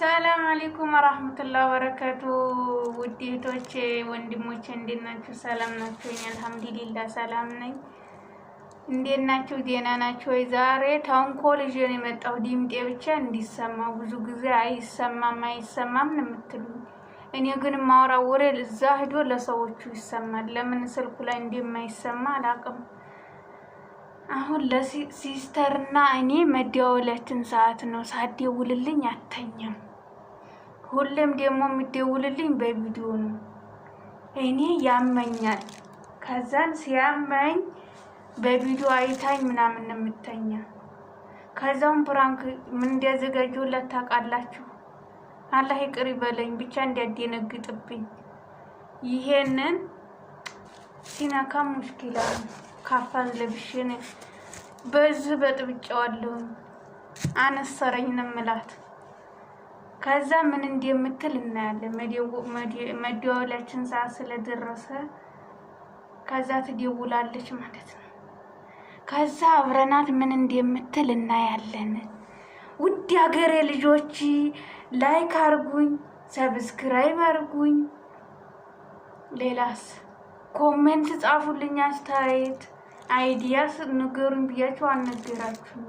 ሰላም አለይኩም ወራህመቱላሂ ወበረከቱ። ውድ እህቶቼ ወንድሞቼ፣ እንዴት ናችሁ? ሰላም ናችሁ? እኔ አልሐምዱሊላህ ሰላም ነኝ። እንዴት ናችሁ? ዜና ናችሁ ወይ? ዛሬ ተንኮል ይዤ ነው የመጣሁ። ድምጤ ብቻ እንዲሰማ ብዙ ጊዜ አይሰማም አይሰማም ነው የምትሉኝ። እኔ ግን ማውራ ወሬ እዛ ሂዶ ለሰዎቹ ይሰማል። ለምን ስልኩ ላይ እንደማይሰማ አላውቅም። አሁን ለሲስተርና እኔ መደዋወላችን ሰዓት ነው። ሳደውልልኝ አተኛም። ሁሌም ደግሞ የሚደውልልኝ በቪዲዮ ነው። እኔ ያመኛል። ከዛን ሲያመኝ በቪዲዮ አይታኝ ምናምን የምተኛ ከዛውም ፕራንክ ምን እንዲያዘጋጀውላት ታውቃላችሁ? አላህ ይቅር ይበለኝ ብቻ እንዲያደነግጥብኝ ይሄንን ሲነካ ሙሽኪላ ነው። ካፋን ለብሽን በዚህ በጥብጫዋለሁ አነሰረኝ ነው የምላት። ከዛ ምን እንደምትል እናያለን። መደወላችን ሰዓት ስለደረሰ ከዛ ትደውላለች ማለት ነው። ከዛ አብረናት ምን እንደምትል እናያለን። ውድ ሀገሬ ልጆች ላይክ አርጉኝ፣ ሰብስክራይብ አርጉኝ። ሌላስ ኮሜንት ጻፉልኝ፣ አስተያየት አይዲያስ ንገሩኝ ብያቸው አልነገራችሁም።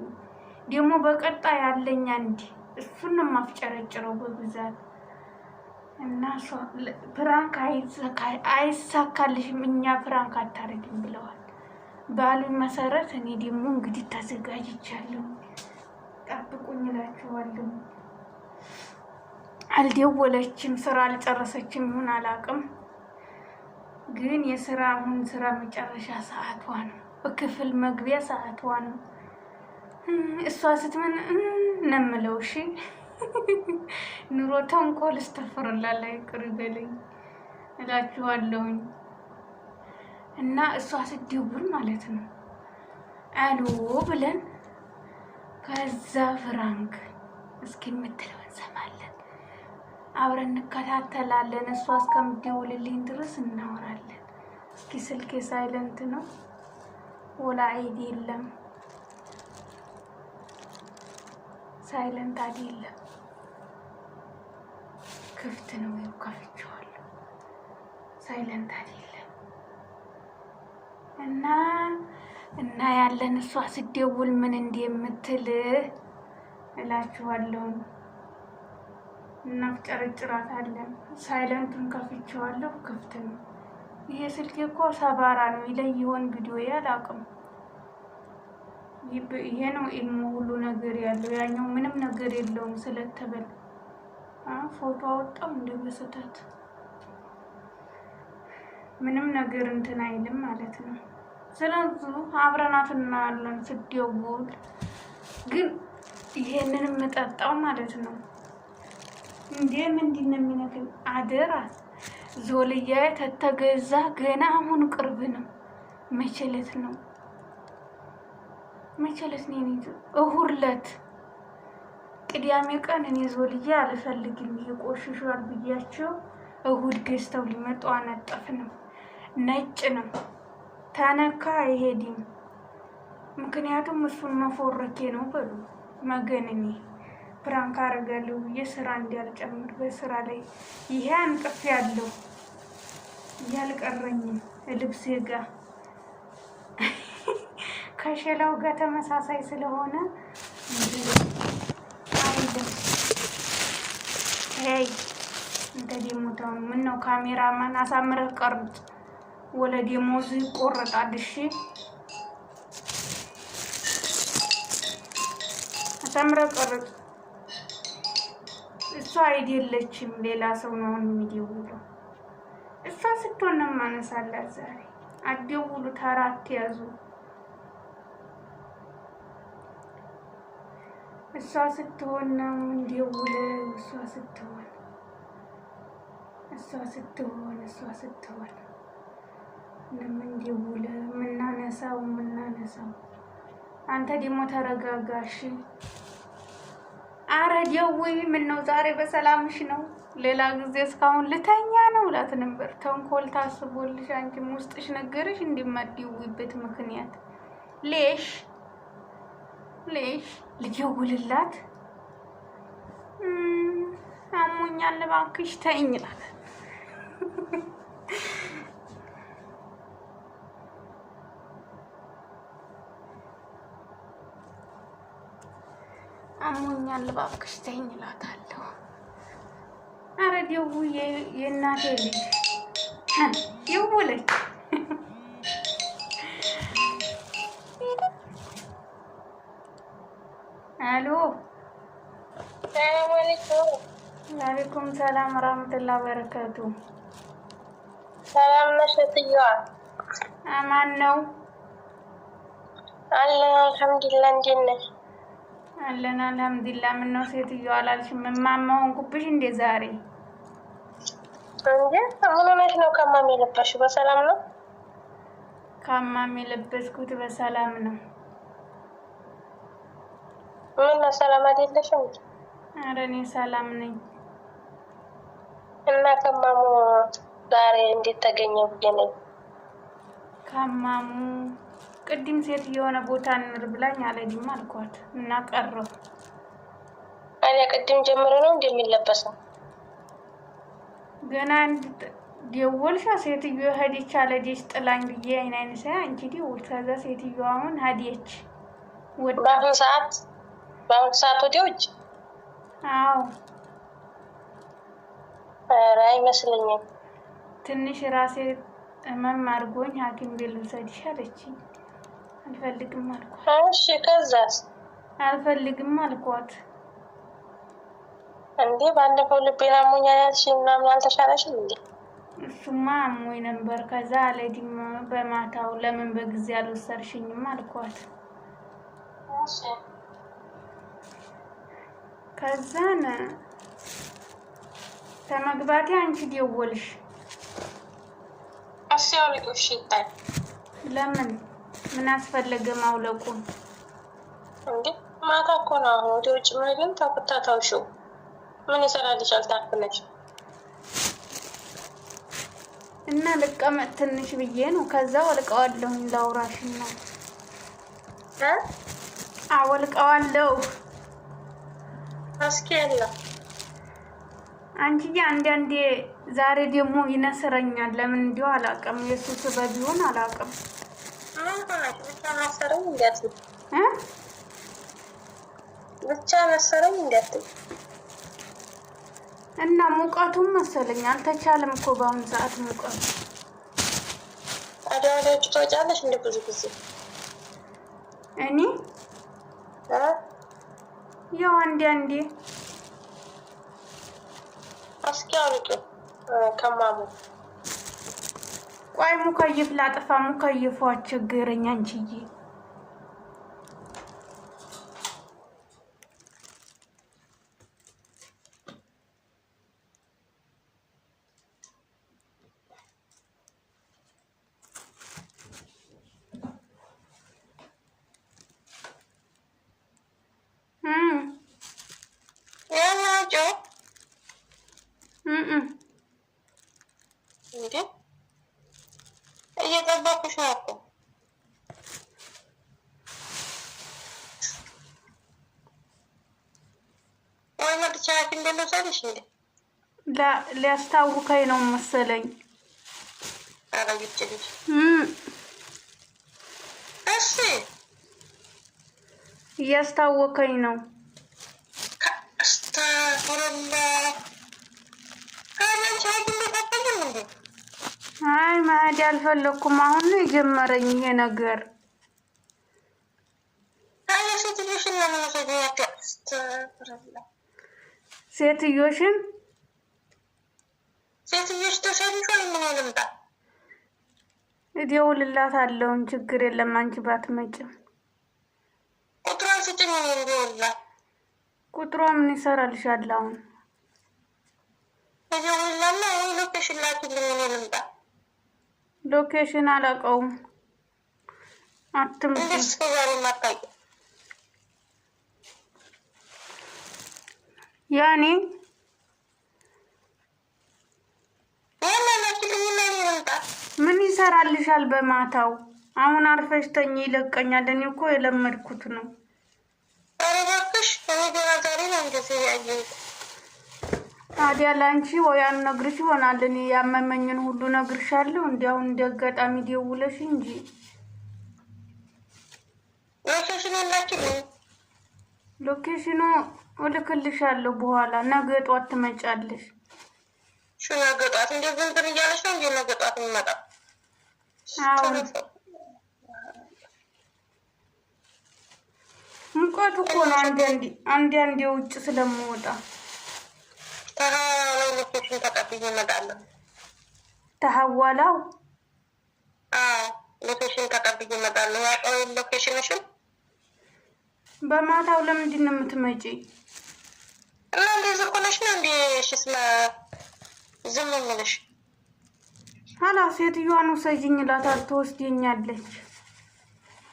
ደግሞ በቀጣ ያለኝ አንድ እሱን ማፍጨረጭረው በብዛት እና ፕራንክ አይሳካልሽም፣ እኛ ፕራንክ አታረግም ብለዋል። ባሉኝ መሰረት እኔ ደግሞ እንግዲህ ተዘጋጅቻለሁ። ጠብቁኝ እላችኋለሁ። አልደወለችም፣ ስራ አልጨረሰችም ይሆን አላውቅም። ግን የስራ አሁን ስራ መጨረሻ ሰዓቷ ነው። በክፍል መግቢያ ሰዓቷ ነው። እሷ ስትመን እነምለው እሺ፣ ኑሮ ተንኮል እስተፍርላለ ይቅር ይበለኝ እላችኋለሁኝ። እና እሷ ስትደውል ማለት ነው አሎ ብለን ከዛ ፍራንክ እስኪ የምትለው እንሰማለን። አብረን እንከታተላለን። እሷ እስከምትደውልልኝ ድረስ እናወራለን። እስኪ ስልኬ ሳይለንት ነው ወላ አይዲ የለም፣ ሳይለንት አዲ የለም፣ ክፍት ነው። ይኸው ከፍቼዋለሁ። ሳይለንት አዲ የለም እና እና ያለን እሷ ስደውል ምን እንደምትል እላችኋለሁ። እናፍጨረጭራታለን። ሳይለንቱን ከፍቼዋለሁ፣ ክፍት ነው። ይሄ ስልክ እኮ ሰባራ ነው። ይለይ ይሆን ቪዲዮ አላውቅም። ይሄ ነው ኢሞ ሁሉ ነገር ያለው፣ ያኛው ምንም ነገር የለውም ስለተበል ፎቶ አወጣው እንደ በስተት ምንም ነገር እንትን አይልም ማለት ነው። ስለዚህ አብረናት እናያለን ስትደውል ግን ይሄንን የምጠጣው ማለት ነው። እንዴ ምንድን ነው የሚነግረኝ? አደራ ዞልያ ተተገዛ ገና አሁን ቅርብ ነው። መቼለት ነው መቼለት ነው የሚይዙ እሑድ ዕለት ቅዳሜ ቀን እኔ ዞልያ አልፈልግም የቆሽሿል ብያቸው እሁድ ገዝተው ሊመጡ አነጠፍ ነው ነጭ ነው ተነካ አይሄድም። ምክንያቱም እሱን መፎረኬ ነው በሉ መገንኔ ፕራንክ አደርጋለሁ ብዬ ስራ እንዳልጨምር በስራ ላይ ይሄ አንቅፍ ያለው ይሄ አልቀረኝም። ልብሴ ጋር ከሸላው ጋር ተመሳሳይ ስለሆነ አይደለም። ሄይ እንተ ዴሞታውን ምን ነው ካሜራማን አሳምረህ ቀርጥ። ወለ ዴሞዝ ይቆረጣል። እሺ አሳምረህ ቀርጥ። እሷ አይደለችም፣ ሌላ ሰው ነው የሚደውለው። እሷ ስትሆን ማነሳላት ዛሬ አትደውሉ፣ ተራ አትያዙ። እሷ ስትሆን ነው እንደውለው። እሷ ስትሆን እሷ ስትሆን እሷ ስትሆን እንደምንደውለው የምናነሳው የምናነሳው። አንተ ደግሞ ተረጋጋሽ። አረ ምን ነው ዛሬ በሰላምሽ ነው? ሌላ ጊዜ እስካሁን ልተኛ ነው እላት ነበር። ተንኮል ታስቦልሽ አንቺም ውስጥሽ ነገርሽ እንዲማደውይበት ምክንያት ሌሽ ሌሽ ልደውልላት አሞኛል፣ እባክሽ ተይኝ እላት ተኛን ልባብቅሽ ተኝ እላታለሁ። ኧረ ደው የእናቴ ልጅ ደወለች። አሎ ሰላም ሰላም ወራህመቱላሂ በረከቱ ሰላም ነሽ እትዬዋ? አማን ነው አለ። አልሐምዱሊላህ። እንዴት ነሽ? አለን አልሐምዱሊላህ። ምነው ሴትዮ አላልሽም? እማማ ሆንኩብሽ እንዴ ዛሬ? እንዴ ምን ሆነሽ ነው? ካማሚ የለበሽው በሰላም ነው? ካማሚ የለበስኩት በሰላም ነው። ምን ነው ሰላም አይደለሽም? ኧረ እኔ ሰላም ነኝ። እና ከማሙ ዛሬ እንዴት ተገኘ ብዬ ነኝ። ከማሙ ቅድም ሴት የሆነ ቦታ እንር ብላኝ አልሄድም አልኳት እና ቀረሁ። አያ ቅድም ጀምሮ ነው እንዲ እንደሚለበሰው ገና ደወልሻ ሴትዮ ሄደች አልሄደች ጥላኝ ብዬ አይን አይን ሳይ አንቺ ደወልሽ። ከዛ ሴትዮ አሁን ሄደች በአሁኑ ሰዓት በአሁኑ ሰዓት ወዲያ ውጭ አዎ ኧረ አይመስለኝም። ትንሽ ራሴ ህመም አድርጎኝ ሀኪም ቤት ልውሰድሽ አለችኝ። አልፈልግም አልኳት። እሺ ከዛስ? አልፈልግም አልኳት። እንዴ ባለፈው ልቤን አሞኛል ምናምን አልተሻለሽም እንዴ? እሱማ አሞኝ ነበር። ከዛ አለዲም በማታው ለምን በጊዜ አልወሰድሽኝም አልኳት። ከዛን ከመግባቴ አንቺ ደወልሽ። ለምን ምን አስፈለገ ማውለቁ? እንዴ ማታ እኮ ነው። አሁን ወደ ውጭ ምንም ታውሹ ምን ይሰራልሻል? ታርፍነሽ እና ልቀመጥ ትንሽ ብዬ ነው። ከዛ ወልቀዋለሁ። ላውራሽ ነው አወልቀዋለሁ። አስኪ ያለ አንቺዬ፣ አንዳንዴ ዛሬ ደግሞ ይነስረኛል። ለምን እንዲሁ አላውቅም። የሱ ስበብ ይሆን አላውቅም። ብቻ መሰረኝ እንዳትል እና ሙቀቱም መሰለኝ አልተቻለም እኮ በአሁኑ ሰዓት ሙቀቱ። ታዲያ ወደ ውጭ እንደ ብዙ ጊዜ? እኔ ያው አንዴ አንዴ። እስኪ ከማሙ ቆይ ሙከይፍ ላጥፋ። ሙከይፏ ችግረኛ አንቺዬ እንዴ እየቀባብሽ ነው እኮ ወይ መጥቻ ሐኪም እንደመሰለሽ እንደ ሊያስታውከኝ ነው መሰለኝ። ኧረ ውጭ ልጅ እሺ፣ እያስታወከኝ ነው ስታ ረላ ከመች ሐኪም እንዴ አይ መሄድ አልፈለኩም። አሁን ነው የጀመረኝ ይሄ ነገር። ሴትዮሽን ሴትዮሽ ተሸንፎ የምንልምጣ እደውልላት አለውን። ችግር የለም አንቺ ባትመጭም ቁጥሯን ስጭኝ። እደውልላት። ቁጥሯ ምን ይሰራልሻል? አሁን እደውልላና ወይ ሎኬሽን ላኪልኝ እኔ ሎኬሽን አላውቀውም። አትምጪ ያኔ ምን ይሰራልሻል? በማታው አሁን አርፈሽ ተኝ ይለቀኛል። እኔ እኮ የለመድኩት ነው። ታዲያ ላንቺ ወይ አልነግርሽ ይሆናል። እኔ ያመመኝን ሁሉ ነግርሻለሁ። እንዲያው እንደ አጋጣሚ ደውለሽ እንጂ ሎኬሽኑ ላኪልኝ። እልክልሻለሁ በኋላ። ነገ ጧት ትመጫለሽ። እሺ፣ ነገ ጧት እንደ ዝንብን እያለሽ ነው እንጂ ነገ ጧት የሚመጣ አሁን ሙቀቱ እኮ ነው። አንዳንዴ አንዳንዴ ውጭ ስለምወጣ ወይነቶችን ተቀብዬ እመጣለሁ። ተሀዋላው ሎኬሽን ተቀብዬ እመጣለሁ። ያው ሎኬሽንሽን በማታው ለምንድን ነው የምትመጪ? እና እንደዚህ ነው ዝም ሴትዮዋን ትወስደኛለች።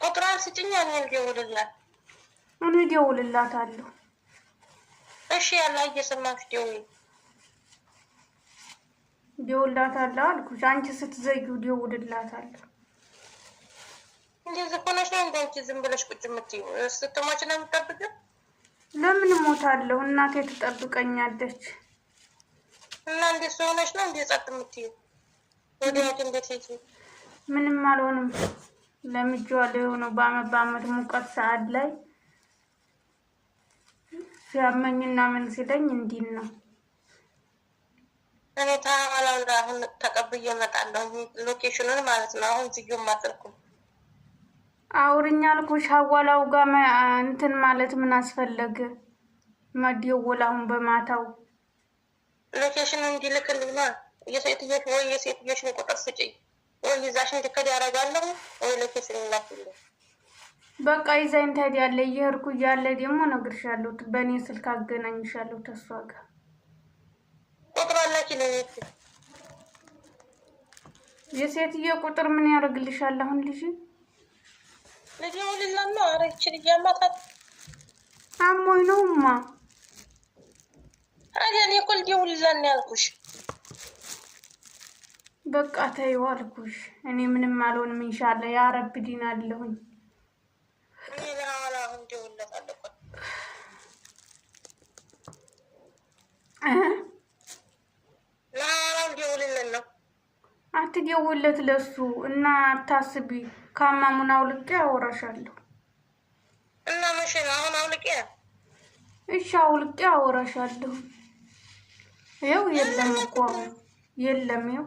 ቁጥሯን ስጭኝ። እኔ እደውልላት እኔ እደውልላታለሁ እሺ ያላ እየሰማሽ ደውይ። ደውላታለሁ አልኩሽ። አንቺ ስትዘዩ ደውልላታል። እንደዚህ ሆነሽ ነው እንደ አንቺ ዝም ብለሽ ቁጭ የምትይው? ስትሞች ነው የምጠብቀው? ለምን እሞታለሁ? እናቴ ትጠብቀኛለች። እና እንደሱ ሆነሽ ነው እንደ ጸጥ የምትይው? ወዲያት እንዴት ሄጂ? ምንም አልሆንም። ለምጄዋለሁ። የሆነው በአመት በአመት ሙቀት ሰዓት ላይ ሲያመኝና ምን ሲለኝ እንዲን ነው። እኔ ታማላንድ አሁን ተቀብዬ እመጣለሁ። ሎኬሽኑን ማለት ነው። አሁን ስዩ ማስልኩም አውርኛ አልኩሽ። ሀዋላው ጋር እንትን ማለት ምን አስፈለገ መደወል? አሁን በማታው ሎኬሽን እንዲልክልና የሴትዮሽ ወይ የሴትዮሽን ቁጥር ስጪ ወይ ይዛሽ እንዲከድ ያደርጋለሁ ወይ ሎኬሽን ላክልኝ በቃ ይዛኝ ያለ እየሄድኩ እያለ ደግሞ እነግርሻለሁ። በእኔ ስልክ አገናኝሻለሁ ተሷ ጋር የሴትዬ ቁጥር ምን ያደርግልሻል? አሁን ልጅ ልጅ ልላማ ኧረ ይቺ ልጅ አማጣት አሞኝ ነው ማ ታዲያ እኔ እኮ ልጅ ልላን ያልኩሽ በቃ ተይው አልኩሽ። እኔ ምንም አልሆንም። ኢንሻአላህ ያ ረብ ዲን አለሁኝ አትደውልለት ለሱ እና አታስቢ። ካማሙን አውልቄ አወራሻለሁ። እና መቼ ነው አሁን አውልቄ? እሺ አውልቄ አወራሻለሁ። ይኸው የለም እኮ አሁን የለም ይኸው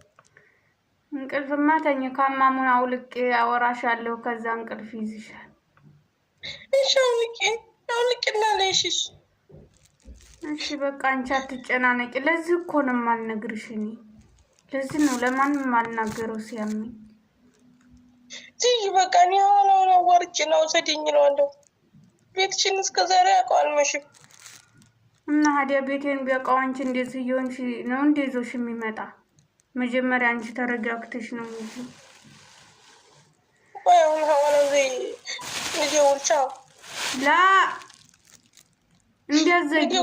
እንቅልፍማ ተኝ ካማሙን አውልቄ ያለው ከዛ እንቅልፍ ይዝሻል። እሺ አውልቄ ለሽሽ እሺ በቃ አንቺ አትጨናነቂ። ለዚህ እኮ ነው የማልነግርሽ እኔ ለዚህ ነው ለማንም የማልናገረው ሲያመኝ። ትይ በቃ እኔ አሁን አሁን ነው ውሰደኝ ነው ቤትሽን እስከ ዛሬ ያውቀዋል መሽም እና ሀዲያ ቤቴን ቢያውቀው አንቺ እንደዚህ እየሆንሽ ነው እንደ ይዞሽ የሚመጣ መጀመሪያ አንቺ ተረጋግተሽ ነው እንጂ ላ እንዲያዘጊ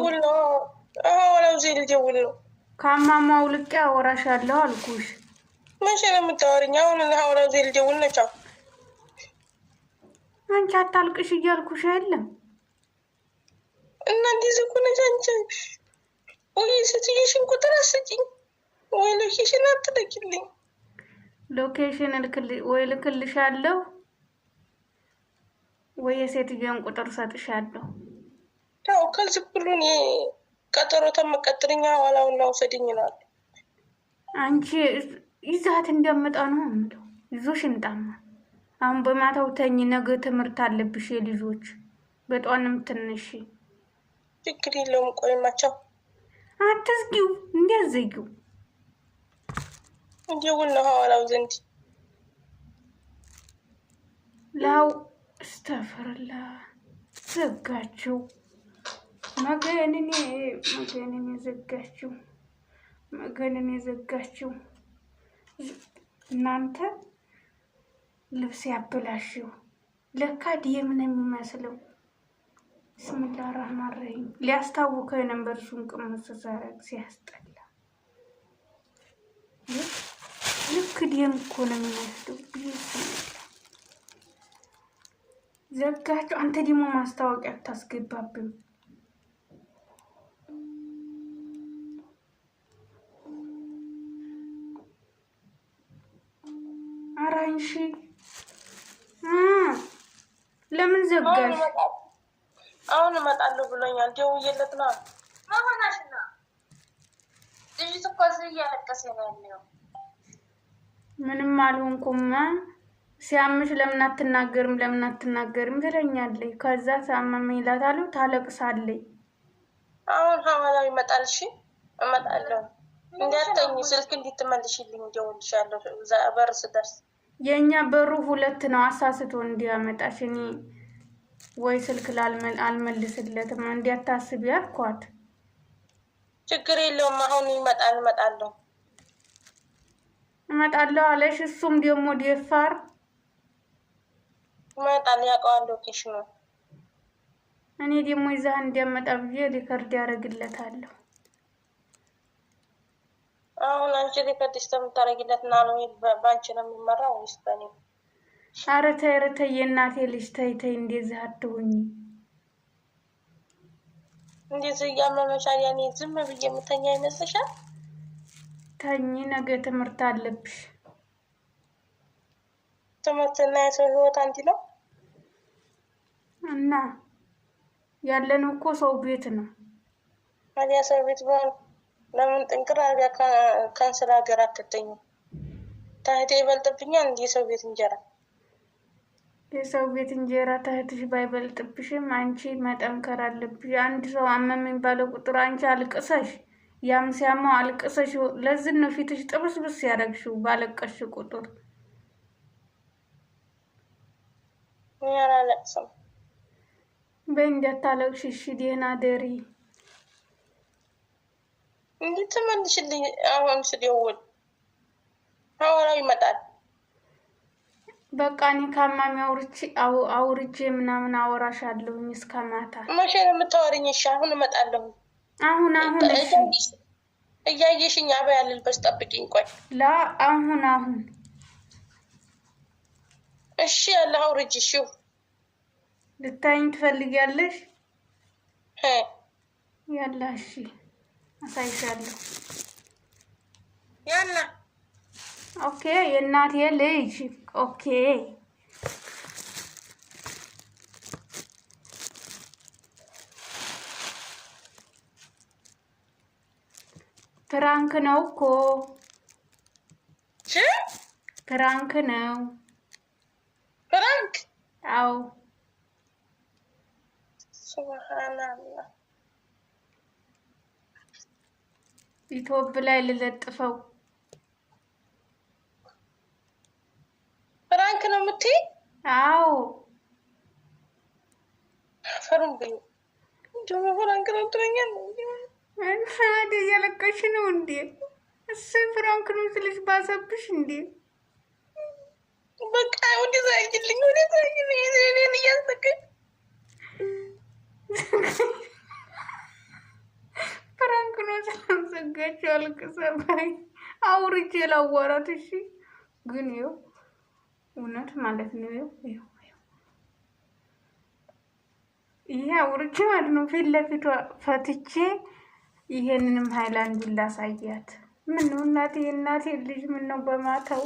ከአማማው ልቄ አወራሻለሁ አልኩሽ። መቼ ነው የምታወሪኝ? አሁን ሀዋላ ዜ ልደውል ነቻው። አንቺ አታልቅሽ እያልኩሽ አይደለም እና እንዲህ ዝኩነች አንቺ ስትይሽን ቁጥር አስጭኝ ወይ ሎኬሽን አትልኪልኝ። ሎኬሽን ወይ ልክልሻለሁ ወይ የሴትዮን ቁጥር ሰጥሻለሁ። ያው ከዚህ ብሉን ቀጠሮ ተመቀጥርኛ ኋላውን ላውሰድኝ ይላሉ። አንቺ ይዛት እንደምጣ ነው የምለው ይዞሽ እንጣማ። አሁን በማታው ተኝ፣ ነገ ትምህርት አለብሽ የልጆች በጧንም ትንሽ ችግር የለውም። ቆይማቸው አትዝጊው እንዲያዘጊው እንጀውን ነው ሐዋላው ዘንድ ላው እስተፈርላ ዘጋችው መገንኔ መገንኔ ዘጋችው መገንን ዘጋችው። እናንተ ልብስ ያበላሽው ለካ ዲየም ነው የሚመስለው። ብስሚላ ራህማን ራሂም ሊያስታውከ ነበር ሱን ቅምስ ሲያስጠላ ልክ ደም እኮ ነው የሚመስለው። ዘጋቸው። አንተ ደግሞ ማስታወቂያ አታስገባብም። አራንሺ ለምን ዘጋሽ? አሁን እመጣለሁ ብሎኛል። ደውዬለት ነው። መሆናሽ ነው። ልጅቱ እኮ እዚህ እያለቀሰ ነው ያለው ምንም አልሆንኩም። ሲያምሽ ለምን አትናገርም ለምን አትናገርም ትለኛለች። ከዛ ሳመመኝ ይላታሉ። ታለቅሳለች። አሁን ሀዋላ ይመጣል። እሺ እመጣለሁ። እንዲያተኝ ስልክ እንዲትመልሽልኝ እደውልልሻለሁ በር ስደርስ። የእኛ በሩ ሁለት ነው። አሳስቶ እንዲያመጣሽ እኔ ወይ ስልክ አልመልስለትም። እንዲያታስቢ አልኳት። ችግር የለውም። አሁን ይመጣል፣ እመጣለሁ እመጣለሁ አለሽ። እሱም ደግሞ ደፋር ይመጣል ያውቀዋል ሎኬሽኑ። እኔ ደግሞ ይዛህ እንዲያመጣ ብዬ ሪከርድ ያደርግለታለሁ። አሁን አንቺ ሪከርድ እስከምታደርጊለት ና ነው በአንቺ ነው የሚመራው ወይስ በእኔ? ኧረ ተይ ኧረ ተይ የእናቴ ልጅ ተይ ተይ፣ እንደዚህ አትሁኝ። እንደዚህ እያመመሻል ያኔ ዝም ብዬ የምተኛ ይመስልሻል? ተኝ፣ ነገ ትምህርት አለብሽ። ትምህርትና የሰው ህይወት አንድ ነው እና ያለነው እኮ ሰው ቤት ነው። ታዲያ ሰው ቤት በሆን ለምን ጥንቅር አድርጋ ካንስል ሀገር አትተኝም? ታህቴ ይበልጥብኛ እንዲ የሰው ቤት እንጀራ የሰው ቤት እንጀራ ታህትሽ ባይበልጥብሽም አንቺ መጠንከር አለብሽ። አንድ ሰው አመመኝ ባለ ቁጥር አንቺ አልቅሰሽ ያም ሲያማ አልቅሰሽ ለዚህ ነው ፊትሽ ጥብስብስ ያደረግሽው ባለቀሽ ቁጥር። በይ እንዳታለቅሽ እሺ። ደህና ደሪ። እንዴት አሁን ስደውል ሐዋራው ይመጣል። በቃ እኔ ካማሚ አውርቼ አውርቼ ምናምን አወራሻለሁኝ እስከ ማታ። መቼ ነው የምታወሪኝ? እሺ አሁን እመጣለሁ። አሁን አሁን እያየሽኝ አበያ ልልበስ፣ ጠብቂኝ ቆይ። ላ አሁን አሁን እሺ፣ ያለ አውርጅ ሽው ልታይኝ ትፈልጊያለሽ? ያላ እሺ፣ አሳይሻለሁ። ያለ ኦኬ፣ የእናቴ ልጅ ኦኬ ፕራንክ ነው እኮ ፕራንክ ነው። ፕራንክ? አዎ። ሱብሃንአላህ ኢትዮብ ላይ ልለጥፈው። ፕራንክ ነው የምትይ? አዎ። ፈሩም ቢዩ ጀምሮ ፕራንክ ነው ትለኛለህ እያለቀሽ ነው እንዴ? እሰይ ፍራንክ ነው ስልሽ ባሰብሽ እንዴ? በቃ ወደ ሳይልኝ ወደ ሳይልኝ እያስለቀሽ ፍራንክ ነው ስላዘጋቸው አልቅሰባይ አውርቼ ላዋራት። እሺ ግን ይኸው እውነት ማለት ነው ይኸው ይሄ አውርቼ ማለት ነው ፊት ለፊቷ ፈትቼ ይሄንንም ሀይላንዱን ላሳያት። ምነው እናቴ እናቴ ልጅ ምነው በማተው